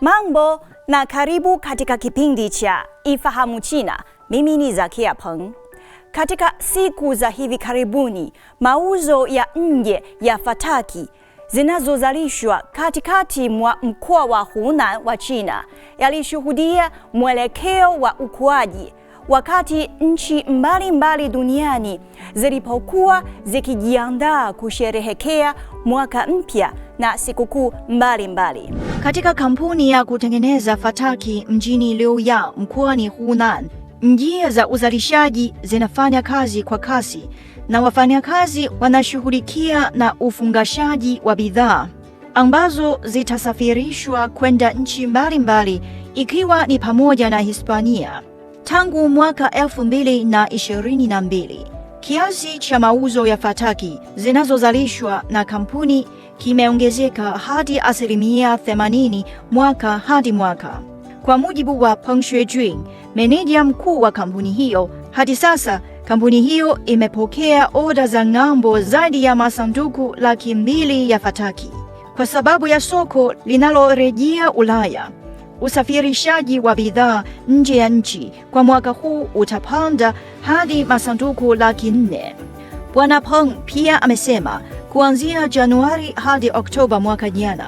Mambo na karibu katika kipindi cha Ifahamu China. Mimi ni Zakia Peng. Katika siku za hivi karibuni, mauzo ya nje ya fataki zinazozalishwa katikati mwa mkoa wa Hunan wa China yalishuhudia mwelekeo wa ukuaji wakati nchi mbalimbali mbali duniani zilipokuwa zikijiandaa kusherehekea mwaka mpya na sikukuu mbalimbali. Katika kampuni ya kutengeneza fataki mjini Liuya mkoani Hunan, njia za uzalishaji zinafanya kazi kwa kasi na wafanyakazi wanashughulikia na ufungashaji wa bidhaa ambazo zitasafirishwa kwenda nchi mbalimbali ikiwa ni pamoja na Hispania. Tangu mwaka elfu mbili na ishirini na mbili kiasi cha mauzo ya fataki zinazozalishwa na kampuni kimeongezeka hadi asilimia 80 mwaka hadi mwaka. Kwa mujibu wa Peng Shuijun, meneja mkuu wa kampuni hiyo, hadi sasa kampuni hiyo imepokea oda za ng'ambo zaidi ya masanduku laki mbili ya fataki. Kwa sababu ya soko linalorejea Ulaya, Usafirishaji wa bidhaa nje ya nchi kwa mwaka huu utapanda hadi masanduku laki nne. Bwana Peng pia amesema kuanzia Januari hadi Oktoba mwaka jana,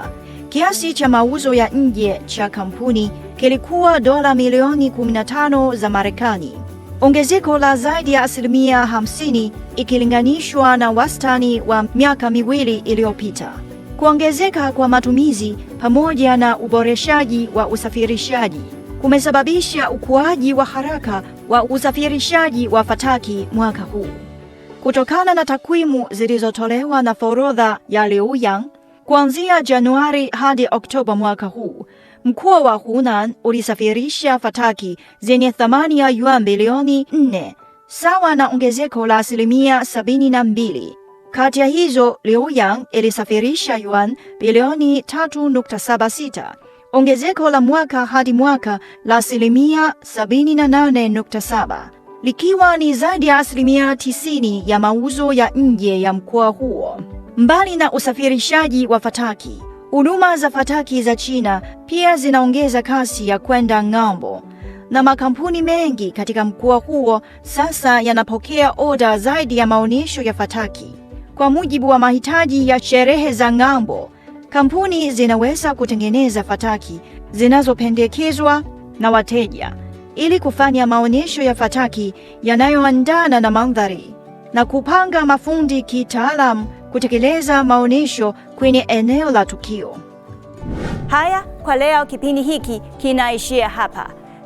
kiasi cha mauzo ya nje cha kampuni kilikuwa dola milioni 15 za Marekani, ongezeko la zaidi ya asilimia 50 ikilinganishwa na wastani wa miaka miwili iliyopita. Kuongezeka kwa matumizi pamoja na uboreshaji wa usafirishaji kumesababisha ukuaji wa haraka wa usafirishaji wa fataki mwaka huu. Kutokana na takwimu zilizotolewa na forodha ya Liuyang, kuanzia Januari hadi Oktoba mwaka huu, mkoa wa Hunan ulisafirisha fataki zenye thamani ya yuan bilioni 4 sawa na ongezeko la asilimia 72 kati ya hizo, Liu Yang ilisafirisha yuan bilioni 3.76, ongezeko la mwaka hadi mwaka la asilimia 78.7, likiwa ni zaidi ya asilimia 90 ya mauzo ya nje ya mkoa huo. Mbali na usafirishaji wa fataki, huduma za fataki za China pia zinaongeza kasi ya kwenda ng'ambo na makampuni mengi katika mkoa huo sasa yanapokea oda zaidi ya maonyesho ya fataki. Kwa mujibu wa mahitaji ya sherehe za ng'ambo, kampuni zinaweza kutengeneza fataki zinazopendekezwa na wateja ili kufanya maonyesho ya fataki yanayoandana na mandhari na kupanga mafundi kitaalamu kutekeleza maonyesho kwenye eneo la tukio. Haya, kwa leo kipindi hiki kinaishia hapa.